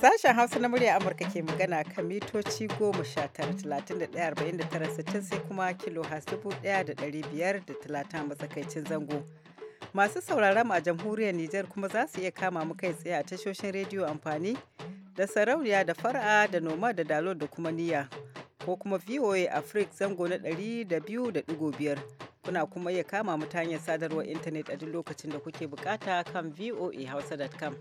Sashen Hausa na murya Amurka ke magana kan mitoci goma sha tara sai kuma kilo has da ɗari matsakaicin zango. Masu sauraron a jamhuriyar Nijar kuma za su iya kama mu kai tsaye a tashoshin rediyo amfani da sarauniya da fara da noma da dalo da kuma niyya ko kuma VOA Africa zango na ɗari da biyu da ɗigo biyar. Kuna kuma iya kama mu ta hanyar sadarwar intanet a duk lokacin da kuke bukata kan voahausa.com.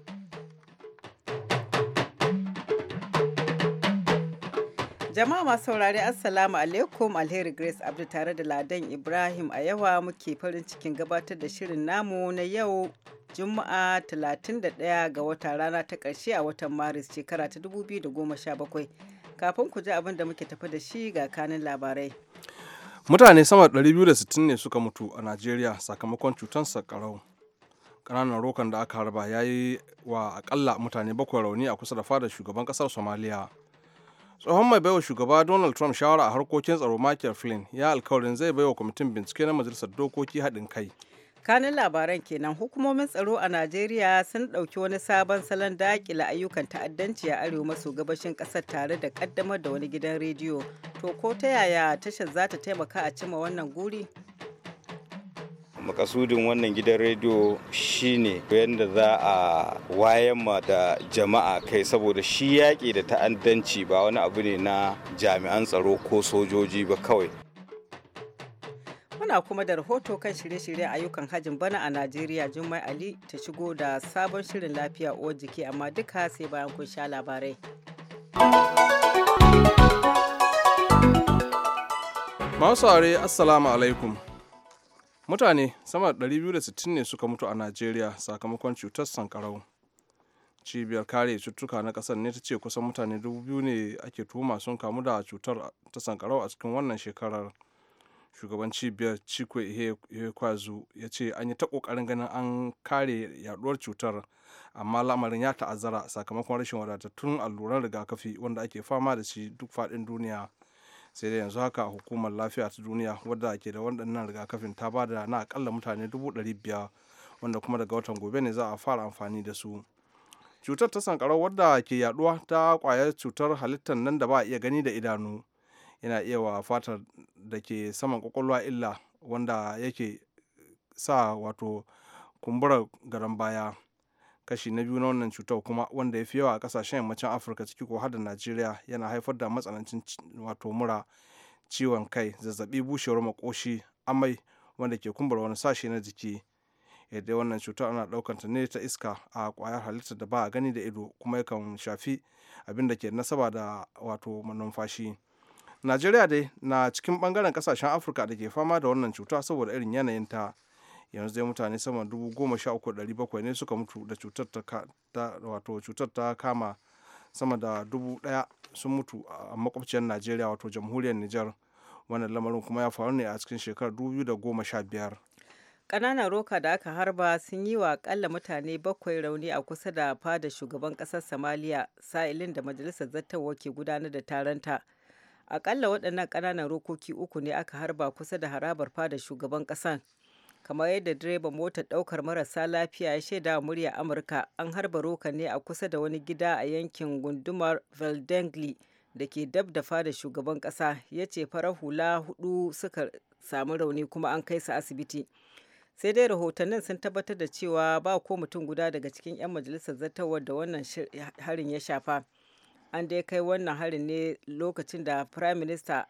Jama'a masu saurari Assalamu alaikum Alheri Grace Abdu tare da Ladan Ibrahim a yawa muke farin cikin gabatar da shirin namu na yau Juma'a 31 ga wata rana ta karshe a watan Maris shekara ta 2017. Kafin ku ji abin da muke tafi da shi ga kanin labarai. mutane sama da 260 ne suka mutu a najeriya sakamakon cutar sakarau ƙananan rokan da aka harba ya yi wa akalla mutane bakwai rauni a kusa da fadar shugaban kasar somaliya tsohon mai baiwa shugaba donald trump shawara a harkokin tsaro michael flynn ya alkawarin zai baiwa kwamitin bincike na majalisar dokoki haɗin kai kanin labaran kenan hukumomin tsaro a najeriya sun ɗauki wani sabon salon daƙila ayyukan ta'addanci a arewa maso gabashin ƙasar tare da ƙaddamar da wani gidan rediyo to ko ta yaya tashar za ta taimaka a cima wannan guri makasudin wannan gidan rediyo shine yadda za a wayan ma da jama'a kai saboda shi yaƙi da ta'addanci ba wani abu ne na jami'an tsaro ko sojoji ba kawai muna kuma da rahoto kan shirye-shirye ayyukan hajin bana a Najeriya Jummai Ali ta shigo da sabon shirin lafiya uwar jiki amma duka sai bayan kun sha labarai. Masu are Assalamu alaikum. Mutane sama da 260 ne suka mutu a Najeriya sakamakon cutar sankarau. Cibiyar kare cututtuka na ƙasar ne ta ce kusan mutane 2,000 ne ake tuhuma sun kamu da cutar ta sankarau a cikin wannan shekarar. shugaban cibiyar chikwe kwazu ya ce an yi ta kokarin ganin an kare yaduwar cutar amma lamarin ya ta'azzara sakamakon rashin wadatattun alluran rigakafi wanda ake fama da shi duk faɗin duniya sai dai yanzu haka hukumar lafiya ta duniya wadda ke da waɗannan rigakafin ta ba da na akalla mutane dubu ɗari biyar wanda kuma daga watan gobe ne za a fara amfani da su cutar ta sankarau wadda ke yaduwa ta kwayar cutar halittar nan da ba a iya gani da idanu yana iya wa fatar da ke saman kwakwalwa illa wanda yake sa wato kumburar garan baya kashi na biyu na wannan cutar kuma wanda ya fi yawa a kasashen yammacin afirka ciki ko har da najeriya yana haifar da matsanancin wato mura ciwon kai zazzabi bushewar makoshi amai wanda ke kumbura wani sashe na jiki yadda wannan cutar ana daukar ta ne ta iska a kwayar halittar da ba a gani da ido kuma yakan shafi abinda ke nasaba da wato manumfashi najeriya dai na cikin bangaren kasashen afirka da ke fama da wannan cuta saboda irin yanayin ta yanzu dai mutane sama dubu goma sha uku ɗari bakwai ne suka mutu da cutar ta wato cutar ta kama sama da dubu ɗaya sun mutu a makwabciyar najeriya wato jamhuriyar nijar wannan lamarin kuma ya faru ne a cikin shekarar dubu da goma sha biyar ƙananan roka da aka harba sun yi wa ƙalla mutane bakwai rauni a kusa da fada shugaban ƙasar samaliya sa'ilin da majalisar zattawa ke gudanar da taronta. ta akalla waɗannan ƙananan rokoki uku ne aka harba kusa da harabar fada shugaban ƙasa kamar yadda direban motar ɗaukar marasa lafiya ya shaida a murya amurka an harba roka ne a kusa da wani gida a yankin gundumar veldengli da ke dab da fada shugaban ƙasa ya ce farar hula hudu suka samu rauni kuma an kai su asibiti sai dai rahotannin sun tabbatar da cewa ba ko mutum guda daga cikin 'yan majalisar zata da wannan harin ya shafa. an dai kai wannan harin ne lokacin da prime minister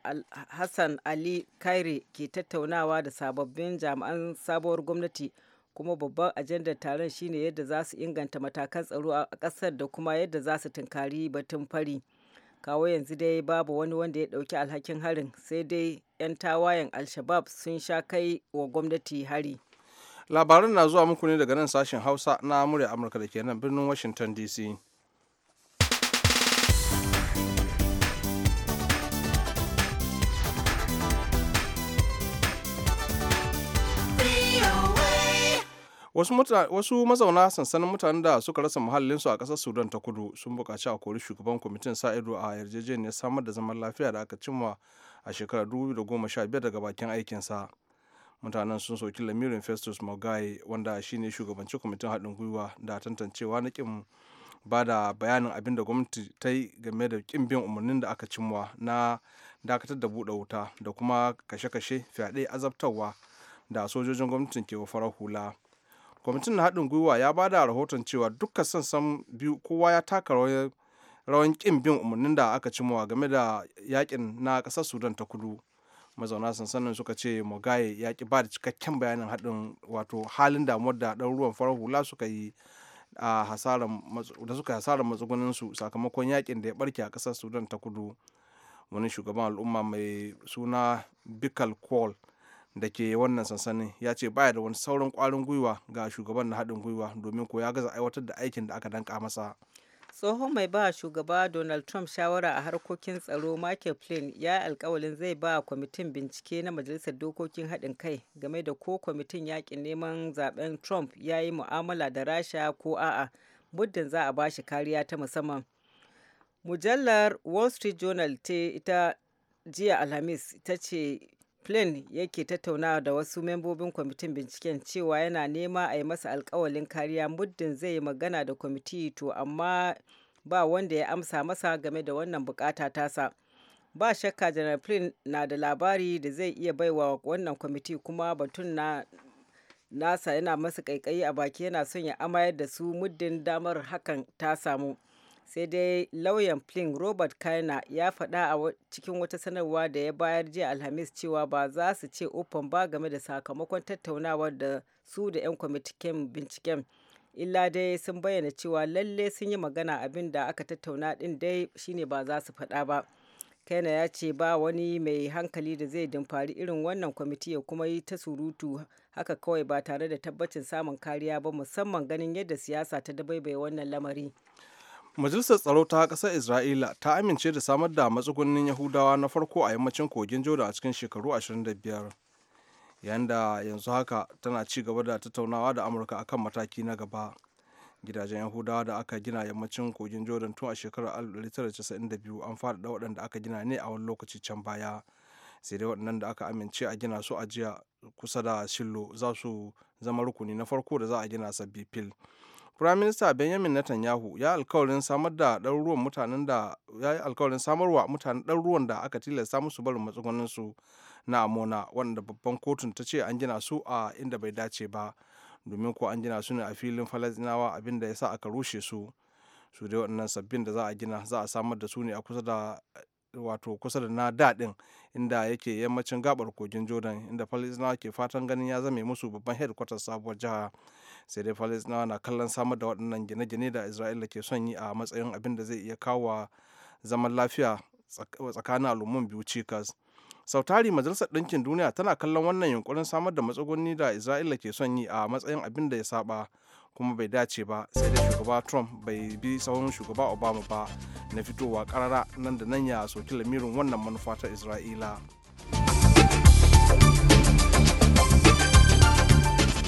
hassan ali kairi ke tattaunawa da sababbin jami'an sabuwar gwamnati kuma babban ajandar taron shine yadda za su inganta matakan tsaro a ƙasar da kuma yadda za su tunkari batun fari kawo yanzu dai babu wani wanda ya ɗauki alhakin harin sai dai 'yan tawayen alshabab sun sha kai wa gwamnati hari labaran na zuwa muku ne daga nan sashen hausa na murya amurka da ke nan birnin washington dc wasu mazauna sansanin mutanen da suka rasa muhallinsu a ƙasar sudan ta kudu sun buƙaci a kori shugaban kwamitin sa ido a yarjejeniyar samar da zaman lafiya da aka cimma a shekarar 2015 daga bakin aikinsa mutanen sun soki lamirin festus mogai wanda shine shugabanci kwamitin haɗin gwiwa da tantancewa na ƙin ba da bayanin abin da gwamnati ta yi game da ƙin bin umarnin da aka cimma na dakatar da buɗe wuta da kuma kashe-kashe fyaɗe azabtarwa da sojojin gwamnatin ke wa farar hula kwamitin na haɗin gwiwa ya ba da rahoton cewa dukkan sansan biyu kowa ya taka rawan ƙin bin umarnin da aka mawa game da yakin na ƙasar sudan ta kudu mazauna sansanin suka ce mogaye ya ƙi ba da cikakken bayanin haɗin wato halin damuwar da ɗan ruwan farar hula suka yi a hasarar da suka hasara matsugunin su sakamakon yakin da ya barke a kasar sudan ta kudu wani shugaban al'umma mai suna bikal kwal da ke wannan sansanin ya ce baya da wani sauran kwarin gwiwa ga shugaban na haɗin gwiwa domin ko ya gaza aiwatar da aikin da aka danka masa tsohon mai ba shugaba donald trump shawara a harkokin tsaro michael flynn ya yi alkawalin zai ba kwamitin bincike na majalisar dokokin haɗin kai game da ko kwamitin yakin neman zaben trump ya yi mu'amala da rasha ko a'a muddin za a bashi kariya ta musamman mujallar wall street journal ta ita jiya alhamis ta ce Flynn yake tattaunawa da wasu membobin kwamitin binciken cewa yana nema a yi masa alkawalin kariya muddin zai yi magana da kwamiti to amma ba wanda ya amsa masa game da wannan bukata tasa. Ba shakka Janar Flynn na da labari da zai iya baiwa wannan kwamiti kuma batun na nasa yana masa kaikayi a baki yana son ya amayar da su muddin damar hakan ta samu. sai dai lauyan flynn robert kaina ya faɗa a cikin wata sanarwa da ya bayar jiya alhamis cewa ba za su ce open ba game da sakamakon tattaunawar da su da 'yan kwamitin binciken illa dai sun bayyana cewa lalle sun yi magana abin da aka tattauna din dai shine ba za su faɗa ba kaina ya ce ba wani mai hankali da zai dimfari irin wannan kwamiti ya kuma yi ta surutu haka kawai ba tare da tabbacin samun kariya ba musamman ganin yadda siyasa ta dabaibaye wannan lamari majalisar tsaro ta ƙasar isra'ila ta amince da samar da matsugunnin yahudawa na farko a yammacin kogin jordan a cikin shekaru 25 yayin da yanzu haka tana ci gaba da tattaunawa da amurka akan mataki na gaba gidajen yahudawa da aka gina yammacin kogin jordan tun a shekarar 1992 an faɗaɗa waɗanda aka gina ne a wani lokaci can baya sai dai waɗannan da aka amince a gina su a jiya kusa da shillo za su zama rukuni na farko da za a gina sabbi fil firaminista benjamin netanyahu ya alkawarin samar da ɗaruruwan mutanen da ya yi alkawarin samarwa mutanen ɗaruruwan da aka tilasta musu barin matsugunansu na amona wanda babban kotun ta ce an gina su a inda bai dace ba domin ko an gina su ne a filin falastinawa abin da ya sa aka rushe su su dai waɗannan sabbin da za a gina za a samar da su ne a kusa da wato kusa da na daɗin inda yake yammacin gabar kogin jordan inda falastinawa ke fatan ganin ya zame musu babban headquarters sabuwar jiha sai dai falasɗinawa na kallon samar da waɗannan gine-gine da isra'ila ke son yi a matsayin abin da zai iya kawo zaman lafiya tsakanin al'umman biyu cikas sautari majalisar ɗinkin duniya tana kallon wannan yunkurin samar da matsuguni da isra'ila ke son yi a matsayin abin da ya saba kuma bai dace ba sai dai shugaba trump bai bi sauran shugaba obama ba na fitowa karara nan da nan ya soki lamirin wannan manufa ta isra'ila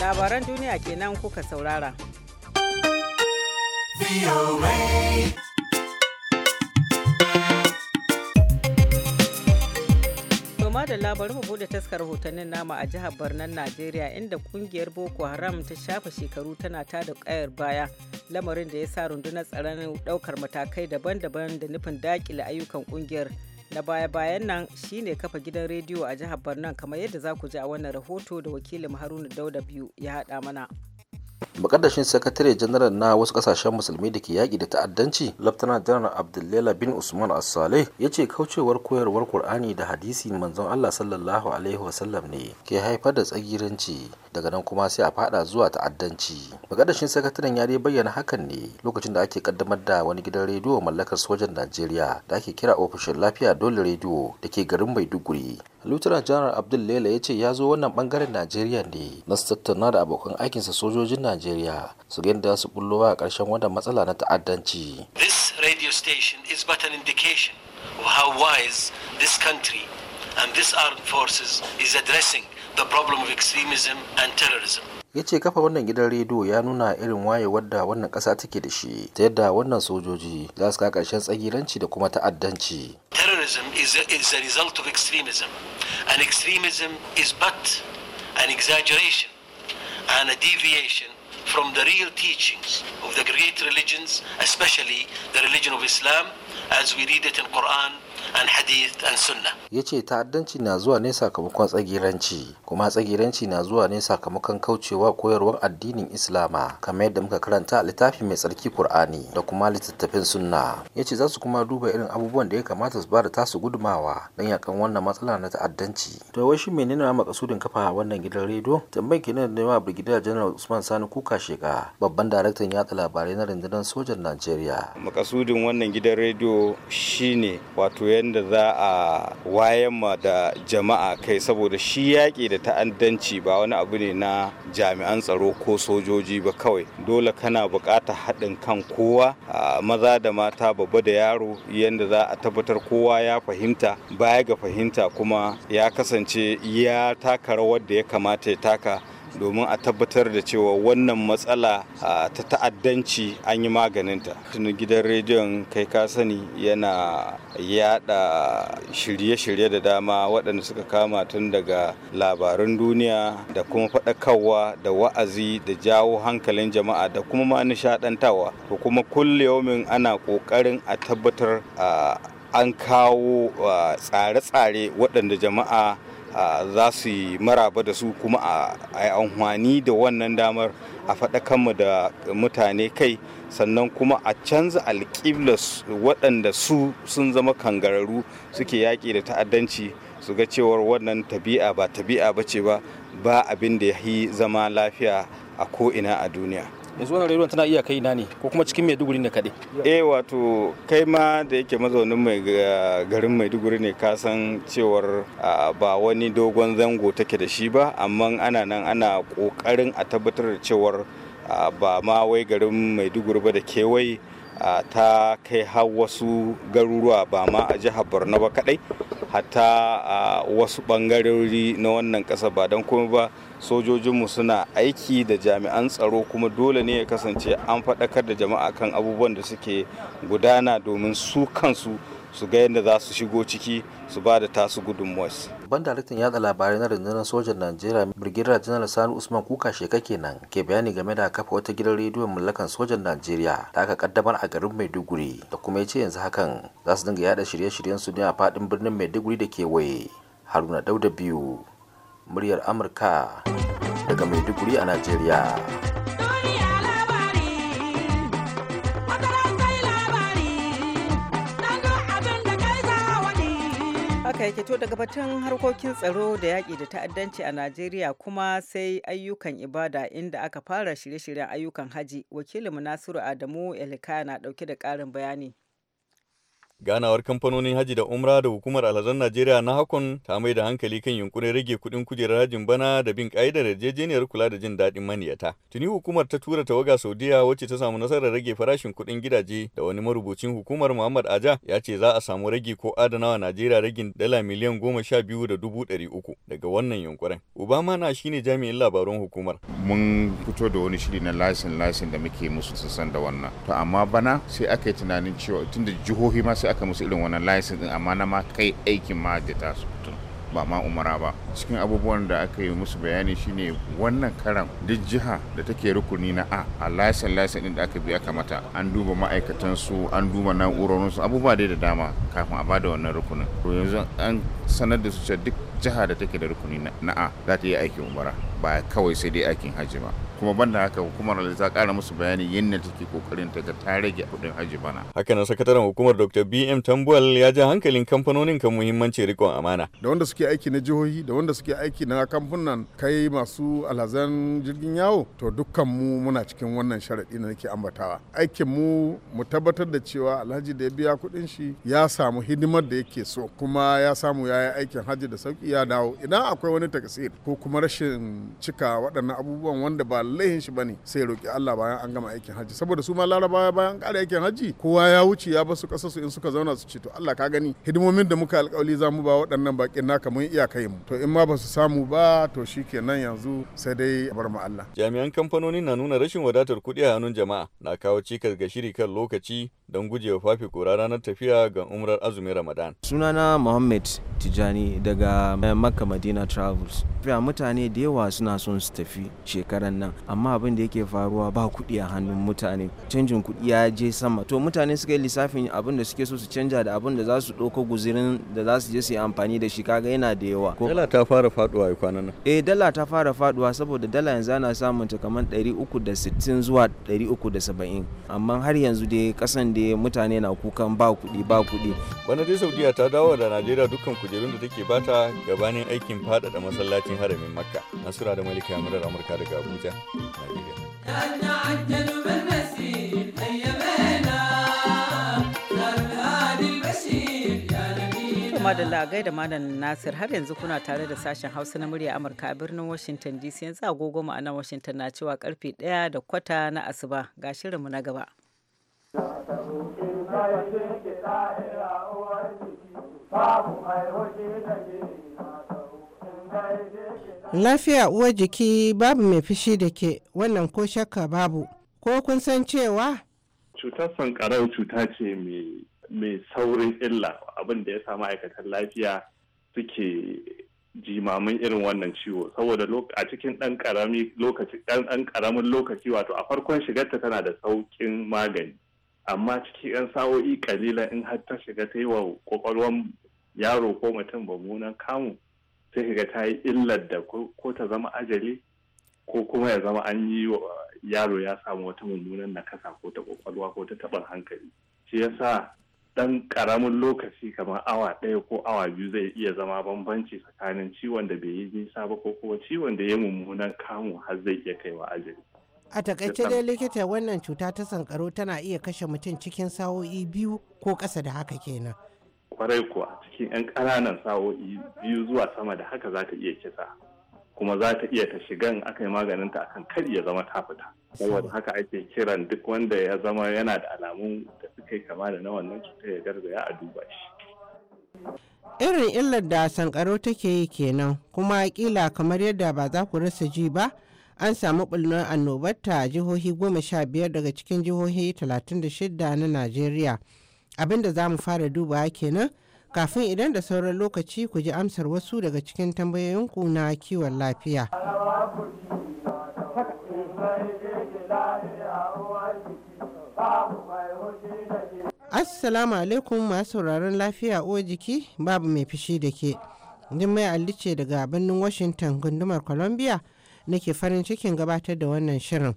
labaran duniya kenan kuka saurara Toma da labarin mu bude taskar hotonin nama a jihar Barnan Najeriya inda kungiyar Boko Haram ta shafa shekaru tana ta da kayar baya lamarin da ya sa rundunar tsaron daukar matakai daban-daban da nufin dakile ayyukan kungiyar. na baya-bayan nan shine kafa gidan rediyo a jihar borno kamar yadda za ku ji a wannan rahoto da wakilin Haruna Dauda biyu ya haɗa mana. makadashin sakatare janaral na wasu kasashen musulmi da ke yaƙi da ta'addanci, Laftana Janaral Abdullela bin Usman Asale, ya ce kaucewar koyarwar Kur'ani da hadisi manzon Allah sallallahu alaihi wasallam ne ke haifar da tsagiranci daga nan kuma sai a fada zuwa ta'addanci. Makadashin sakataren ya bayyana hakan ne lokacin da ake kaddamar da wani gidan rediyo mallakar sojan Najeriya da ake kira ofishin lafiya dole rediyo da ke garin Maiduguri. Lieutenant Janar Abdullela ya ce ya zo wannan bangaren Najeriya ne na tattauna da abokan aikinsa sojojin Najeriya Najeriya su yadda su bullowa a ƙarshen wannan matsala na ta'addanci. This radio station is but an indication of how wise this country and this armed forces is addressing the problem of extremism and terrorism. ya ce kafa wannan gidan rediyo ya nuna irin wayewar da wannan ƙasa take da shi ta yadda wannan sojoji za su kawo ƙarshen tsagiranci da kuma ta'addanci. terrorism is a, is a result of extremism and extremism is but an exaggeration and a deviation from the real teachings of the great religions, especially the religion of Islam, as we read it in Quran an hadith an sunna ya ce ta'addanci na zuwa ne sakamakon tsagiranci kuma tsagiranci na zuwa ne sakamakon kaucewa koyarwar addinin islama kamar yadda muka karanta a littafi mai tsarki qur'ani da kuma littattafin sunna ya ce za su kuma duba irin abubuwan da ya kamata su bada tasu gudumawa don yakan wannan matsala na ta'addanci to wai shi menene ma makasudin kafa wannan gidan rediyo tambayar kenan da ma brigadier general usman sani kuka sheka babban daraktan yatsa labarai na rundunar sojan najeriya makasudin wannan gidan rediyo shine wato wato yadda za a wayan ma da jama'a kai saboda shi yaƙi da ta'addanci ba wani abu ne na jami'an tsaro ko sojoji ba kawai dole kana buƙatar haɗin kan kowa maza da mata babba da yaro yadda za a tabbatar kowa ya fahimta baya ga fahimta kuma ya kasance ya taka rawar da ya kamata ya taka domin a tabbatar da cewa wannan matsala ta ta'addanci an yi maganinta tuni gidan rediyon kai ka sani yana yada shirye-shirye da dama waɗanda suka kama tun daga labarin duniya da kuma faɗakarwa da wa'azi da jawo hankalin jama'a da kuma ma nishaɗantawa To kuma kulle yaumin ana ƙoƙarin a tabbatar an kawo tsare-tsare waɗanda jama'a za su yi maraba da su kuma a amfani da wannan damar a kanmu da mutane kai sannan kuma a canza alƙiblas waɗanda su sun zama kangararru suke yaƙi da ta'addanci su ga cewar wannan tabi'a ba tabi'a ba ce ba ba abin da ya yi zama lafiya a ko'ina a duniya. yanzu wannan rayuwar tana iya kai na ne ko kuma cikin maiduguri ne kaɗai eh wato kai ma da yake mazaunin mai eh, garin maiduguri ne ka san cewar ah, ba wani dogon zango take da shi ba amma ana nan ana ƙoƙarin a tabbatar da cewar ah, ba ma wai garin maiduguri ba da kewaye ta kai har wasu garuruwa ba ma a jihar borno ba kadai hatta wasu bangarori na wannan kasa ba don kuma ba sojojinmu suna aiki da jami'an tsaro kuma dole ne ya kasance an faɗakar da jama'a kan abubuwan da suke gudana domin su kansu su ga yadda za su shigo ciki su ba da tasu gudunmuwarsu babban daraktan yada labarai na rundunar sojan najeriya brigadier general sani usman kuka sheka kenan ke bayani game da kafa wata gidan rediyon mallakan sojan najeriya da aka kaddamar a garin maiduguri da kuma ya ce yanzu hakan za su dinga yada shirye-shiryen su ne a fadin birnin maiduguri da ke waye haruna dauda biyu muryar amurka daga maiduguri a najeriya haka yake to daga batun harkokin tsaro da yaƙi da ta'addanci a Najeriya kuma sai ayyukan ibada inda aka fara shirye-shiryen ayyukan haji wakilinmu Nasiru Adamu Elika na ɗauke da ƙarin bayani. ganawar kamfanonin haji da umra da hukumar alhazan najeriya na hakon ta mai da hankali kan yunkurin rage kudin kujerar hajin bana da bin ka'idar yarjejeniyar kula da jin daɗin maniyata tuni hukumar ta tura tawaga saudiya wacce ta samu nasarar rage farashin kudin gidaje da wani marubucin hukumar muhammad aja ya ce za a samu rage ko adanawa najeriya ragin dala miliyan goma sha biyu da dubu ɗari uku daga wannan yunkurin obama na shine jami'in labarun hukumar mun fito da wani shiri na lasin lasin da muke musu sassan da wannan to amma bana sai aka yi tunanin cewa tunda jihohi ma sai aka musu irin wannan license din amma na ma kai aikin ma da ta su ba ma umara ba cikin abubuwan da aka yi musu bayani shine wannan karan duk jiha da take rukuni na a a lasin lasin din da aka biya kamata an duba ma'aikatan su an duba na'urorin su abubuwa dai da dama kafin a bada wannan rukunin to yanzu an sanar da su cewa duk jiha da take da rukuni na a za ta yi aikin umara ba kawai sai dai aikin hajji ba kuma banda haka hukumar ta kara musu bayani yadda take kokarin ta ga ta rage kudin hajji bana haka nan sakataren hukumar dr bm tambuwal ya ja hankalin kamfanonin kan muhimmanci rikon amana da wanda suke aiki na jihohi da wanda suke aiki na kamfunan kai masu alhazan jirgin yawo to dukkan mu muna cikin wannan sharaɗi na nake ambatawa aikin mu mu tabbatar da cewa alhaji da ya biya kuɗin shi ya samu hidimar da yake so kuma ya samu ya aikin hajji da sauki ya dawo idan akwai wani takasir ko kuma rashin cika waɗannan abubuwan wanda ba laihin shi bane sai roki Allah bayan an gama aikin hajji saboda su ma larabawa bayan ƙara aikin hajji kowa ya wuce ya basu su in suka zauna su ce to Allah ka gani hidimomin da muka alƙawali za mu ba waɗannan baƙin naka mun iya kai mu to ma ba su samu ba to shi kenan yanzu sai dai bar mu Allah jami'an kamfanoni na nuna rashin wadatar kuɗi a hannun jama'a na kawo cikas ga shiri kan lokaci don gujewa fafe kora ranar tafiya ga umrar azumin Ramadan. Sunana Muhammad Tijani daga eh, Makka Madina Travels. mutane da yawa suna son su tafi shekaran nan amma abin da yake faruwa ba kuɗi a hannun mutane canjin kuɗi ya je sama to mutane suka yi lissafin abin da suke so su canja da abin da za su ɗauko guzirin da za su je su yi amfani da shi kaga yana da yawa. Dala ta fara faduwa a kwanan nan. Eh dala ta fara faduwa saboda dala yanzu ana samun ta kamar 360 zuwa 370 amma har yanzu dai kasan da dai mutane na kukan ba kuɗi ba kuɗi. bana dai saudiya ta dawo da najeriya dukkan kujerun da take bata gabanin aikin faɗaɗa masallacin haramin makka nasura da malika yamurar amurka daga abuja madalla gai da malam nasir har yanzu kuna tare da sashen hausa na murya amurka a birnin washington dc yanzu agogo nan washington na cewa karfe 1 da kwata na asuba ga shirinmu na gaba Lafiya uwar jiki babu mai fushi da ke wannan ko shakka babu. Ko kun san cewa? Cutar sankarau cuta ce mai saurin illa abin da ya sa ma'aikatan lafiya suke jimamin irin wannan ciwo saboda a cikin ɗan ƙaramin lokaci wato a farkon shigarta tana da sauƙin magani amma cikin 'yan sa'o'i kalilan in har ta shiga ta yi wa kwakwalwan yaro ko mutum mummunan kamu sai shiga ta yi illar da ko ta zama ajali ko kuma ya zama an yi wa yaro ya samu wata mummunan nakasa ko ta kwakwalwa ko ta taɓin hankali shi ya sa ɗan ƙaramin lokaci kamar awa ɗaya ko awa biyu zai iya zama bambanci tsakanin ciwon da bai yi nisa ba ko kuma ciwon da ya mummunan kamu har zai iya kaiwa ajali a takaice dai likita wannan cuta ta sankaro tana iya kashe mutum cikin sa'o'i biyu ko ƙasa da haka kenan kwarai kuwa cikin 'yan kananan sa'o'i biyu zuwa sama da haka za ta iya kisa kuma za ta iya ta shigan in aka yi maganinta akan kar ya zama ta fita saboda haka ake kiran duk wanda ya zama yana da alamu da suka yi kama da na wannan cuta ya garzaya a duba shi irin illar da sankaro take yi kenan kuma kila kamar yadda ba za ku rasa ji ba an samu ɓullar annobar ta jihohi goma sha biyar daga cikin jihohi talatin da shida na najeriya abinda za mu fara dubawa kenan kafin idan da sauran lokaci ku ji amsar wasu daga cikin tambayoyinku na kiwon lafiya Assalamu alaikum masu sauraron lafiya o jiki babu mai fishi da ke. Jummai allice ce daga birnin Washington gundumar Columbia nake farin cikin gabatar da wannan shirin.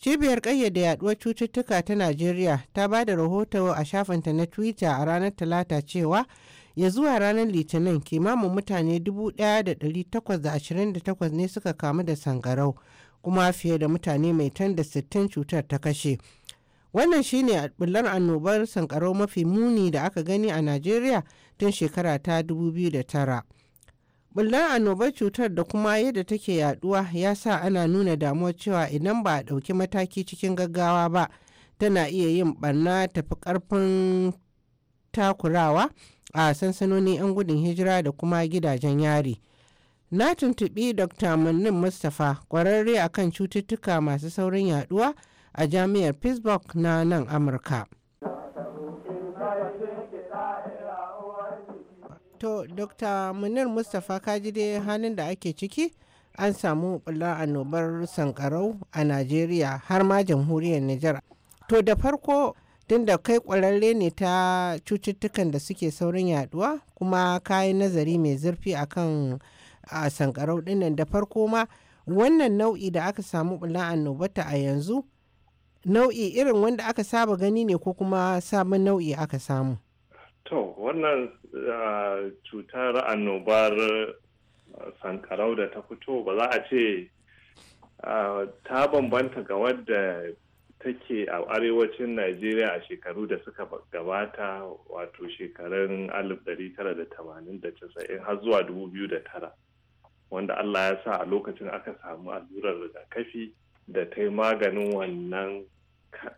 Cibiyar ƙayyade yaduwar cututtuka ta Najeriya ta ba da rahoto a shafinta na Twitter a ranar Talata cewa ya zuwa ranar Litinin kimanin mutane 1,828 ne suka kamu da sangarau kuma fiye da mutane mai tan da 60 cutar ta kashe. Wannan shine bullar annobar sankarau mafi muni da aka gani a Najeriya tun shekara ta 2009. bullan annobar cutar da kuma yadda take yaduwa ya sa ana nuna damuwar cewa idan ba a ɗauki mataki cikin gaggawa ba tana iya yin barna tafi ƙarfin takurawa a sansanonin 'yan gudun hijira da kuma gidajen yari na tuntubi dr munnin mustapha ƙwararre akan cututtuka masu saurin yaduwa a jami'ar pittsburgh na nan amurka to dr munir mustapha kaji dai halin da ake ciki an samu bula annobar sankarau a najeriya har ma jamhuriyar nijar to da farko tun da kai kwararre ne ta cututtukan da suke saurin yaduwa kuma kayi nazari mai zurfi akan kan sankarau dinnan da farko ma wannan nau'i da aka samu bula annobata a yanzu nau'i irin wanda aka saba gani ne ko kuma sabon nau'i aka samu To, wannan ah, cutar annobar ah, sankarau da ta fito ba za a ce ah, ta bambanta ga wadda take a arewacin Najeriya a shekaru da suka gabata wato shekarun 1989 har zuwa 2009 wanda Allah ya sa a lokacin aka samu allurar rigakafi da ta yi maganin wannan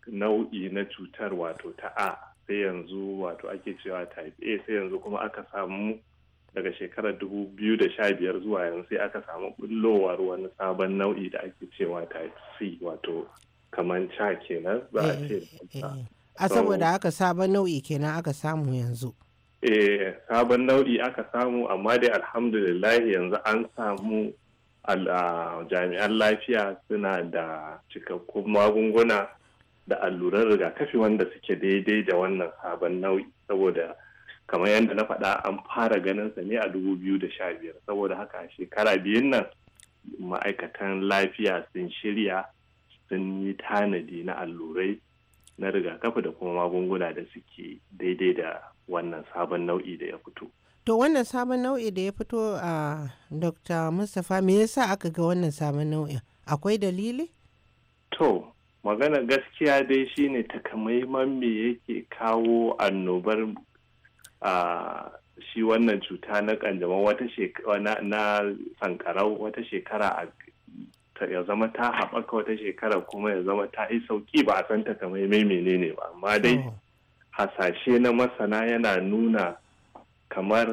nau'i na cutar wato ta A. sai yanzu wato ake cewa type a sai yanzu kuma aka samu daga shekarar dubu biyu da sha biyar zuwa yanzu sai aka samu bullowar wani sabon nau'i da ake cewa type c wato kamar ca kenan za a ce eh, eh, eh, a saboda aka sabon nau'i kenan aka samu yanzu eh sabon nau'i aka samu amma dai alhamdulillah yanzu an samu ah, jami'an lafiya suna da cikakkun magunguna da alluran rigakafi wanda suke daidai da wannan sabon nau'i saboda kamar yadda na faɗa an fara ganin sa ne a dubu biyu da sha biyar saboda haka a shekara biyun nan ma'aikatan lafiya sun shirya sun yi tanadi na allurai na rigakafi da kuma magunguna da suke daidai da wannan sabon nau'i da ya fito. To wannan sabon nau'i da ya fito a Dr. Mustapha me yasa aka ga wannan sabon nau'i Akwai dalili? To, magana gaskiya dai shine takamaiman me yake kawo annobar a shi wannan cuta na kanjamau wata shekara na sankarau wata shekara ya zama ta haɓaka wata shekara kuma ya zama ta yi sauki ba a san ne menene ba amma dai hmm. hasashe na masana yana nuna kamar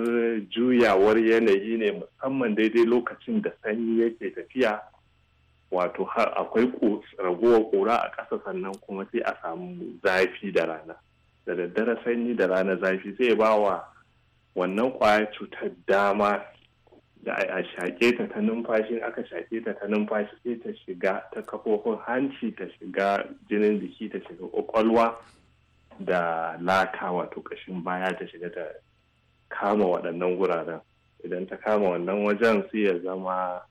juyawar yanayi ne musamman daidai lokacin da sanyi yake tafiya wato har akwai ragowar ƙura a ƙasa sannan kuma sai a samu zafi da rana da daddare sanyi da rana zafi zai ba wa wannan kwaya cutar dama da a shaƙe ta ta numfashi aka shaƙe ta ta numfashi sai ta shiga ta kafofin hanci ta shiga jinin jiki ta shiga ƙwaƙwalwa da laka wato ƙashin baya ta shiga ta kama waɗannan wuraren idan ta kama wannan wajen sai ya zama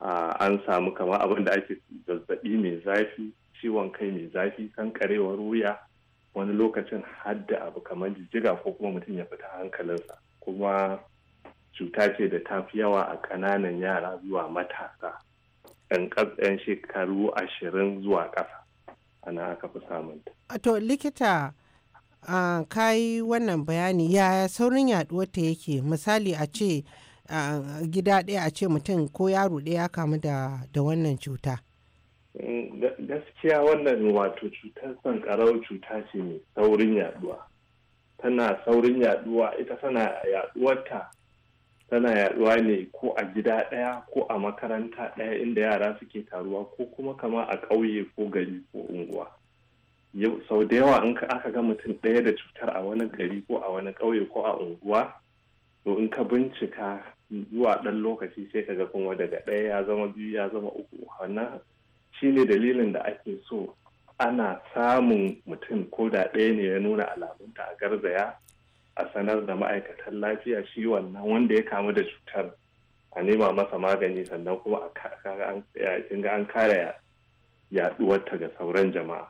an samu kama abin da ake zazzaɓi mai zafi ciwon kai mai zafi kankarewar wuya wani lokacin hadda abu kamar jijjiga ko kuma mutum ya fita hankalinsa kuma cuta ce da ta fi yawa a ƙananan yara zuwa matasa ɗan ƙasɗan shekaru ashirin zuwa ƙasa ana aka fi samunta. a to likita ka yi wannan bayani yaya saurin yaduwar ta yake misali a ce gida ɗaya a ce mutum ko yaro ɗaya ya kamu da wannan cuta mm, gaskiya wannan wato cutar sankarau cuta ce mai saurin yaduwa tana saurin yaduwa ita tana yaduwarta tana yaduwa ne ko a gida ɗaya ko a makaranta ɗaya inda yara suke taruwa ko kuma kama a ƙauye ko gari ko unguwa sau da yawa in aka ga mutum ɗaya da cutar a wani gari ko a wani ƙauye ko a unguwa to in ka bincika zuwa ɗan lokaci sai ka kaga kuma daga ɗaya ya zama biyu ya zama uku wannan shine dalilin da ake so ana samun mutum ko da ɗaya ne ya nuna alamunta a garzaya a sanar da ma'aikatan lafiya shi wannan wanda ya kamu da cutar a nema masa magani sannan kuma a an kare yaduwarta ga sauran jama'a.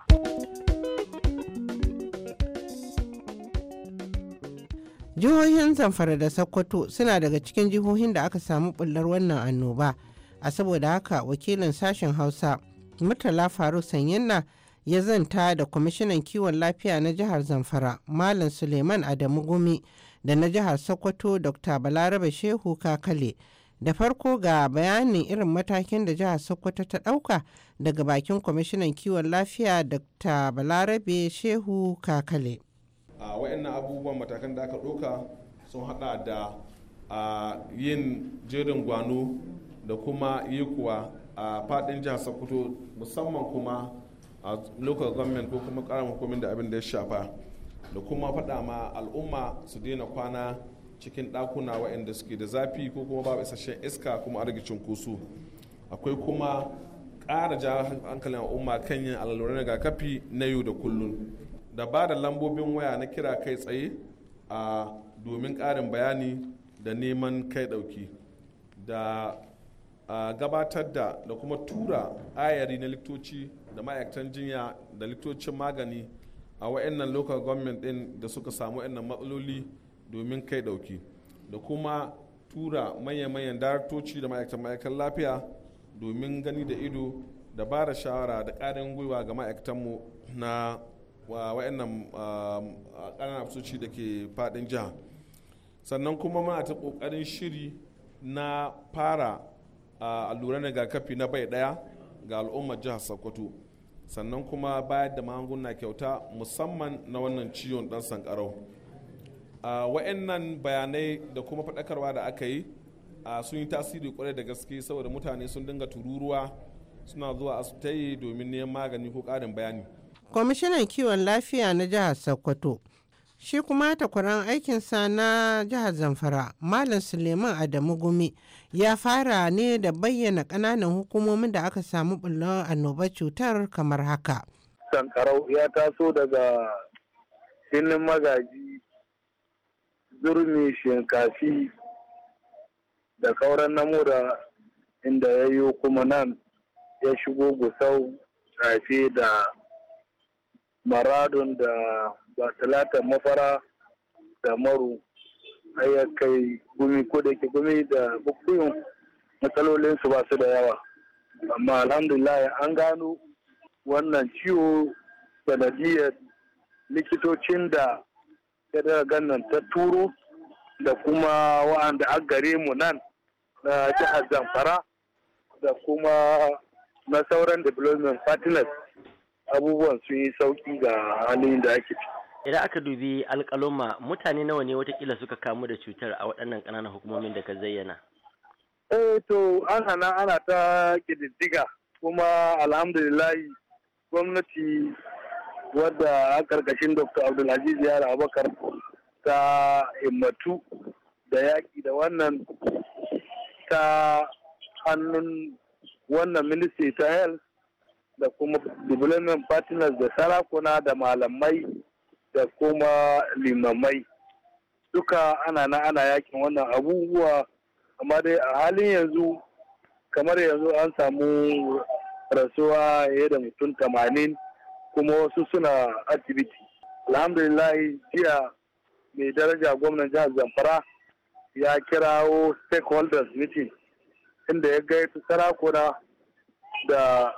jihohin zamfara da sokoto suna daga cikin jihohin da aka samu bullar wannan annoba a saboda haka wakilin sashen hausa murtala faru sanyanna ya zanta da kwamishinan kiwon lafiya na jihar zamfara malam suleiman adamu gumi da na jihar sokoto dr balarabe shehu kakale da farko ga bayanin irin matakin da jihar sokoto ta dauka daga bakin kwamishinan kiwon lafiya dr balarabe shehu kakale a wa'annan abubuwan matakan da aka ɗauka sun haɗa da a yin jerin gwano da kuma yi kuwa a faɗin jihar sokoto musamman kuma a local government ko kuma karamin hukumin da abin da ya shafa da kuma faɗa ma al'umma su daina kwana cikin ɗakuna waɗanda suke da zafi ko kuma babu isasshen iska kuma argicin kusu akwai kuma ƙara ja hankalin al'umma kan yin alluran rigakafi na yau da kullum da ba da lambobin waya na kira kai tsaye a domin ƙarin bayani da neman kai ɗauki da gabatar da da kuma tura ayari na liktoci da ma'aikatan jinya da liktocin magani a wa'annan local government din da suka samu wa'annan matsaloli domin kai ɗauki da kuma tura manyan-manyan daraktoci da ma'aikatan ma'aikatan lafiya domin gani da ido da ba da shawara da ƙarin gwiwa ga ma'aikatanmu na wa'annan ah, ƙananan asusoci da ke faɗin jiha sannan kuma muna ta ƙoƙarin shiri na fara ah, alluran rigakafi na bai ɗaya ga al'ummar jihar sokoto sannan kuma bayar da magunguna kyauta musamman na wannan ciwon ɗan sankarau ah, wa'annan bayanai da kuma faɗakarwa da aka yi sun yi tasiri kwarai da gaske saboda mutane sun dinga tururuwa suna zuwa asibitai domin neman magani ko ƙarin bayani kwamishinan kiwon lafiya na jihar sokoto shi kuma takwaran aikinsa na jihar zamfara malam suleiman adamu gumi ya fara ne da bayyana kananan hukumomin da aka samu bullon annobar cutar kamar haka sankarau ya taso daga filin magaji zurmi shinkafi da kauran namura inda ya yi kuma nan ya shigo gusau safe da maradon da ba talata mafara da maru ya kai gumi ko da ke gumi da bukuyun matsalolinsu ba su da yawa amma alhamdulillah an gano wannan ciwo sanadiyar likitocin da ya gannan ta turo da kuma wa'anda a gare mu nan na jihar zamfara da kuma na sauran development partners abubuwan sun yi sauki ga halin da ake ciki idan aka dubi alkaloma mutane nawa ne watakila suka kamu da cutar a waɗannan ƙananan hukumomin da ka zayyana eh to ana na ana ta ƙididdiga kuma alhamdulillahi gwamnati wadda a karkashin dr abdulaziz yara abakar ta himmatu da yaƙi da wannan ta hannun wannan ministry ta health da kuma development partners da sarakuna da malamai da kuma limamai duka ana na ana yakin wannan abubuwa amma dai a halin yanzu kamar yanzu an samu rasuwa ya da mutum tamanin kuma wasu suna asibiti alhamdulillah jiya mai daraja gwamnan jihar zamfara ya kirawo stakeholders meeting inda ya gaitu sarakuna da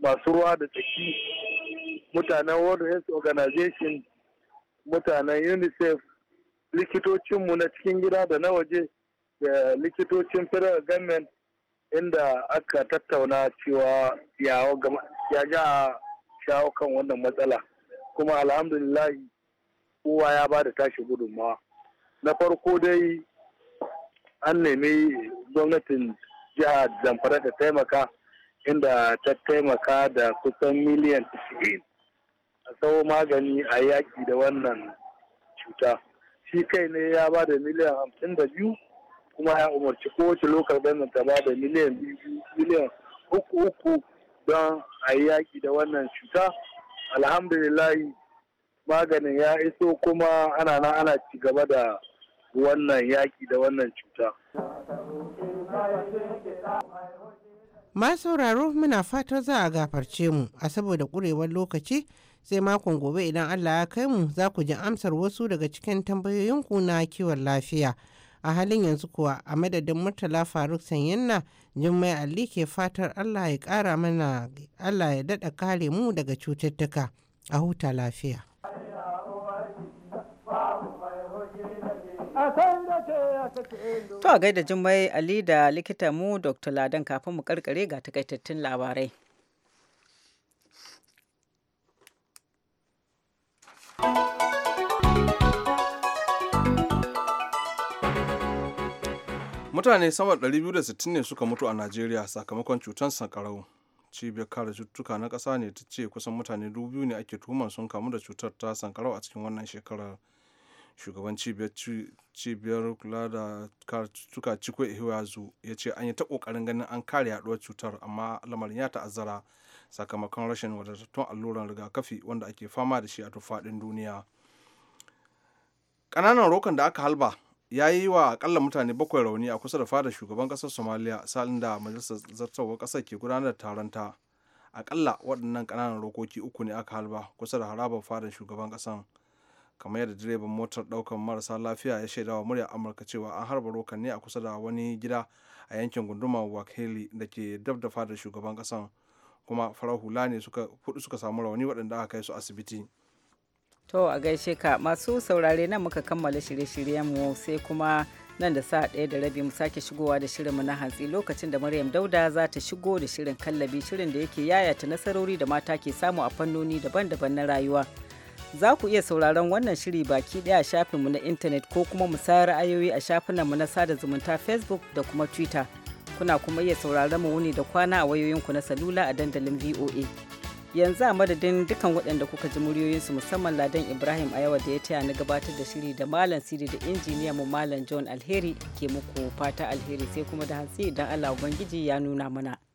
masu ruwa da tsaki mutanen world health organization mutanen unicef likitocinmu na cikin gida da na waje da likitocin federal government inda aka tattauna cewa ya ja shawo kan wannan matsala kuma alhamdulillahi kowa ya ba da tashi gudunmawa na farko dai an nemi gwamnatin jihar zamfara ta taimaka inda ta taimaka da kusan miliyan 90 a tsawo magani a yaƙi da wannan cuta shi kai ne ya ba da miliyan 52 kuma ya umarci kowace lokar ganin ta ba da miliyan miliyan uku uku don a yaƙi da wannan cuta Alhamdulillah maganin ya iso kuma ana nan ana ci gaba da wannan yaƙi da wannan cuta. Ma sauraro muna fatar za a gafarce mu a saboda ƙurewar lokaci sai makon gobe idan Allah ya kai mu za ku ji amsar wasu daga cikin tambayoyinku na kiwon lafiya. A halin yanzu kuwa a madadin Murtala Faruk Sanyanna Jummai Ali ke fatar Allah ya ƙara mana Allah ya daɗa kare mu daga cututtuka a huta lafiya. To a gaida Jummai Ali da likita mu Dr. Ladan kafin mu karkare ga takaitattun labarai. Mutane sama 260 ne suka mutu a Najeriya sakamakon cutar sankarau. Cibiyar kare cututtuka na ƙasa ne ta ce kusan mutane dubu ne ake tuhumar sun kamu da cutar ta sankarau a cikin wannan shekarar. shugaban cibiyar kula da cututtuka chikwe zu ya ce an yi ta kokarin ganin an kare yaduwar cutar amma lamarin ya ta'azzara sakamakon rashin wadatattun alluran rigakafi wanda ake fama da shi a tufaɗin duniya ƙananan rokan da aka halba ya yi wa akalla mutane bakwai rauni a kusa da fadar shugaban ƙasar somaliya salin da majalisar zartarwar ƙasar ke gudanar da taron ta akalla waɗannan kananan rokoki uku ne aka halba kusa da harabar fadar shugaban ƙasar kamar yadda direban motar daukan marasa lafiya ya shaidawa muryar amurka cewa an harba rokan ne a kusa da wani gida a yankin gunduma wakili da ke dab da shugaban kasan kuma farar hula ne suka hudu suka samu rauni waɗanda aka kai su asibiti to a gaishe ka masu saurare nan muka kammala shirye-shiryenmu sai kuma nan da sa ɗaya da rabi mu sake shigowa da shirin mu na hantsi lokacin da maryam dauda za ta shigo da shirin kallabi shirin da yake yayata nasarori da mata ke samu a fannoni daban-daban na rayuwa za ku iya sauraron wannan shiri baki daya a shafinmu na intanet ko kuma mu ra'ayoyi a shafinanmu na sada zumunta facebook da kuma twitter kuna kuma iya sauraron mu wuni da kwana a wayoyinku na salula a dandalin voa yanzu a madadin dukan waɗanda kuka ji muryoyinsu musamman ladan ibrahim a yawa da ya taya na gabatar da shiri da malam siri da injiniya mu malam john alheri ke muku fata alheri sai kuma da hantsi idan allah ubangiji ya nuna mana